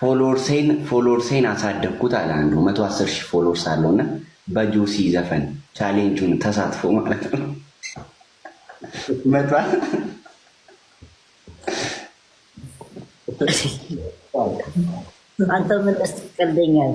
ፎሎወርሴን ፎሎወርሴን አሳደግኩት አለ አንዱ መቶ አስር ሺህ ፎሎወርስ አለው እና በጆሲ ዘፈን ቻሌንጁን ተሳትፎ ማለት ነው። መቷ አንተ ምን ስትቀልደኛል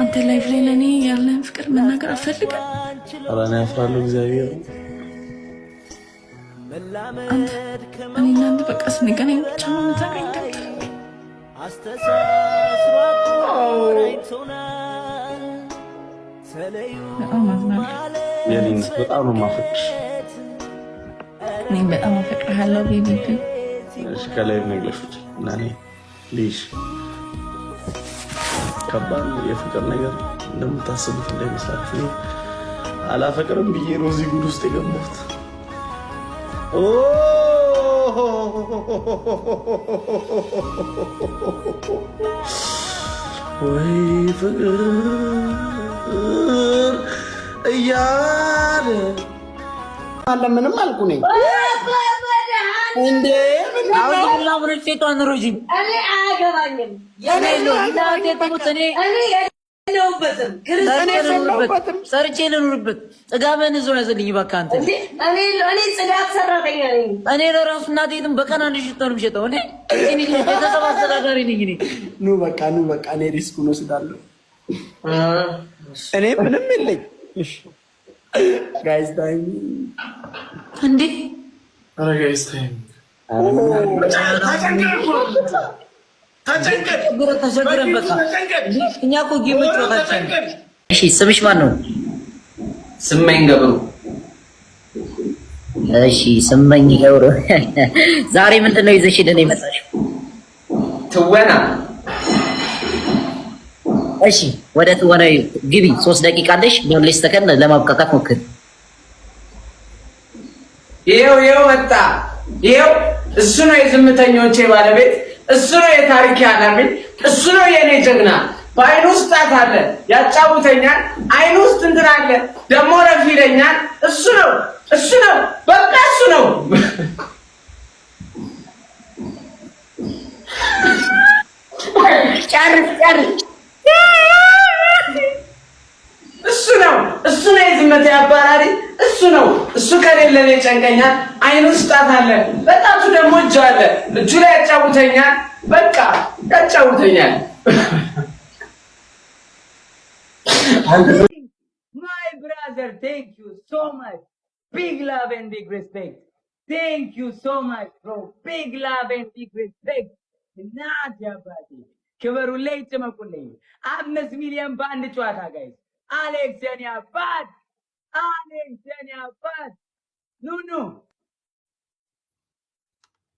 አንተ ላይፍ ላይ ለእኔ ያለን ፍቅር መናገር አልፈልግም። ኧረ እኔ አፍራለሁ። እግዚአብሔር አንተ እኔና አንተ በቃ ስንገናኝ ብቻ ነው የምታገኝ ደብተር በጣም ነው የማፈቅርሽ። እኔም በጣም አፈቅርሃለሁ ቤቢ። ከላይ ነገሮች እና ልይሽ ከባድ የፍቅር ነገር እንደምታስቡት እንዳይመስላችሁ። አላፈቅርም ብዬ ነው እዚህ ጉድ ውስጥ የገባሁት። ወይ ፍቅር እያለ አለ ምንም አልኩ ነኝ እንዴ ሴቷን ሮዚ እኔ አያገባኝም። የለሁበትም ሰርቼ ልኑርበት። ጥጋበን እዛው ያዘልኝ እባክህ አንተ። እኔ ጽዳት ሰራተኛ ነኝ። እኔ ለራሱ እናቴ በቀን አንድ ሽቶ ነው የምሸጠው። እኔ ቤተሰብ አስተዳዳሪ ነኝ። እኔ ኑ በቃ ኑ በቃ። እኔ ሪስክ ነው ስዳለሁ። እኔ ምንም የለኝ ጋይስ ታይም እንዴ ስምሽ ማን ነው? ስመኝ ገብሩ። እሺ ስመኝ ገብሩ፣ ዛሬ ምንድን ነው ይዘሽ ደህና የመጣሽው? ትወና። እሺ ወደ ትወና ግቢ። ሶስት ደቂቃ አለሽ። ዶንሌስ ተከን ለማብቃቃት ሞክር። ይኸው ይኸው መጣ ይኸው እሱ ነው የዝምተኞቼ ባለቤት፣ እሱ ነው የታሪክ ያለብኝ፣ እሱ ነው የእኔ ጀግና። በአይኑ ውስጥ ጣት አለ ያጫውተኛል፣ አይኑ ውስጥ እንትን አለ ደግሞ ረፍ ይለኛል። እሱ ነው እሱ ነው በቃ እሱ ነው። ጨርስ ጨርስ እሱ ነው እሱ የእውነት ያባራሪ እሱ ነው። እሱ ከሌለ እኔ ጨንቀኛል። አይኑ ስጣት አለ፣ በጣቱ ደግሞ እጁ አለ። እጁ ላይ ያጫውተኛል፣ በቃ ያጫውተኛል። ማይ ብራዘር ቴንክ ዩ ሶ ማች ቢግ ላቭ ኤንድ ቢግ ሪስፔክት ቴንክ ዩ ሶ ማች ብሮ ቢግ ላቭ ኤንድ ቢግ ሪስፔክት እናት ያባቴ ላይ ጭመቁልኝ። አምስት ሚሊዮን በአንድ ጨዋታ ጋይ አሌክስ የኔ አባት Alexandria Abbas, Nunu.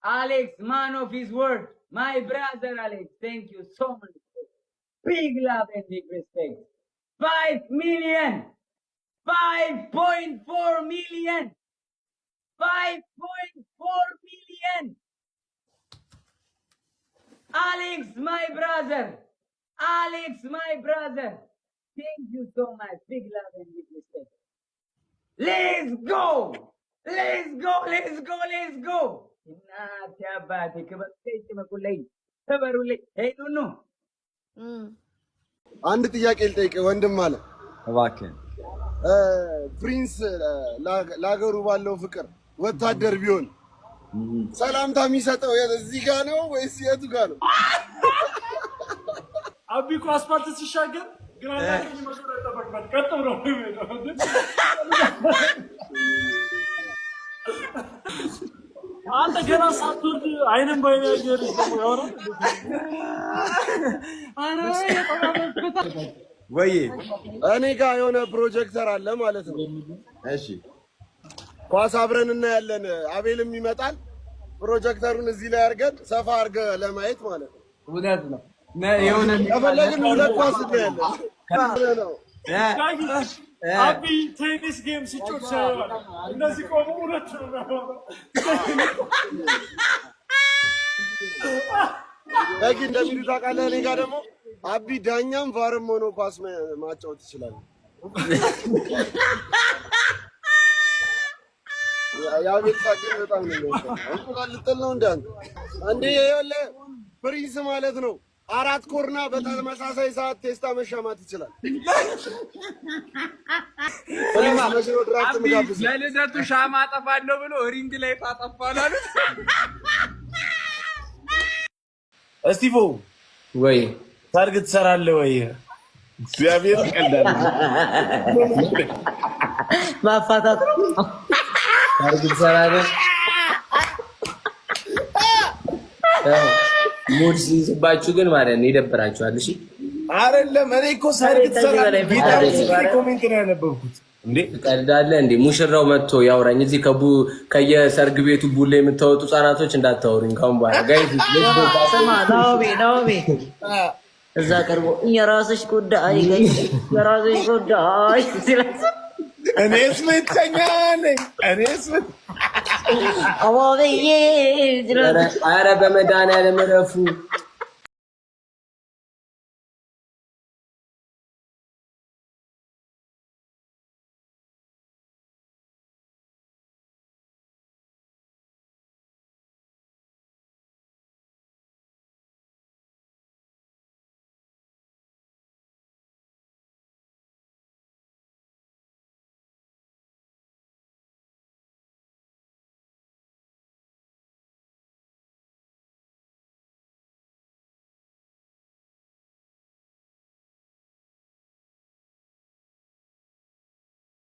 Alex, man of his word. My brother Alex, thank you so much. Big love and big respect. 5 million. 5.4 million. 5.4 million. Alex, my brother. Alex, my brother. Thank you so much. Big love and big respect. ሌትስ ጎ ሌትስ ጎ ሌትስ ጎ ሌትስ ጎ። እናቴ አባቴ ክበቁልኝ፣ ክበሩልኝ። ሄዱኑ አንድ ጥያቄ ልጠይቅ ወንድም አለ እባክህ። ፕሪንስ ለሀገሩ ባለው ፍቅር ወታደር ቢሆን ሰላምታ የሚሰጠው እዚህ ጋ ነው ወይስ የቱ ጋ ነው? አቢ እኮ ሲሻገር ግራ የሚሮጥበት ቀጥ አንተ ገና ሳትወርድ አይንም ባይነ ወይ እኔ ጋር የሆነ ፕሮጀክተር አለ ማለት ነው። እሺ ኳስ አብረን እናያለን። አቤልም ይመጣል። ፕሮጀክተሩን እዚህ ላይ አድርገን ሰፋ አድርገህ ለማየት ማለት ነው። እውነት ነው። የሆነ ከፈለግን ሁለት ኳስ እናያለን ነው አብይ ቴኒስ ጌም ሲጮት ሳይሆን እነዚህ ቆሙ ሁለቱ ነው። እንደሚሉ ታውቃለህ። እኔ ጋር ደግሞ አቢ ዳኛም ቫርም ሆኖ ኳስ ማጫወት ይችላል። የአቤል ሳቅ በጣም ነው። ልጥል ነው እንዳንተ እንዴ? ያለ ፕሪንስ ማለት ነው አራት ኮርና በተመሳሳይ ሰዓት ቴስታ መሻማት ይችላል። ለልደቱ ሻማ አጠፋለሁ ብሎ ሪንግ ላይ ታጠፋለህ አሉት። እስቲፎ ወይ ታርግ ትሰራለህ ወይ? እግዚአብሔር ይቀልዳል። ማፋታት ታርግ ትሰራለህ ሙድ ሲይዝባችሁ ግን ማለት ነው ይደብራችኋል። እሺ አይደለም። እኔ እኮ ኮሜንት ነው ያነበብኩት። እንዴ ቀልዳለህ እንዴ? ሙሽራው መጥቶ ያውራኝ። እዚህ ከቡ ከየሰርግ ቤቱ ቡላ የምታወጡ ህጻናቶች እንዳታወሩኝ ካሁን በኋላ ጋይስ። እዛ ቀርቦ የራስሽ ጉዳይ የራስሽ ጉዳይ እኔ ምተኛ ነኝ እኔስ አዎ ብዬ ኧረ በመድኃኒዓለም እረፉ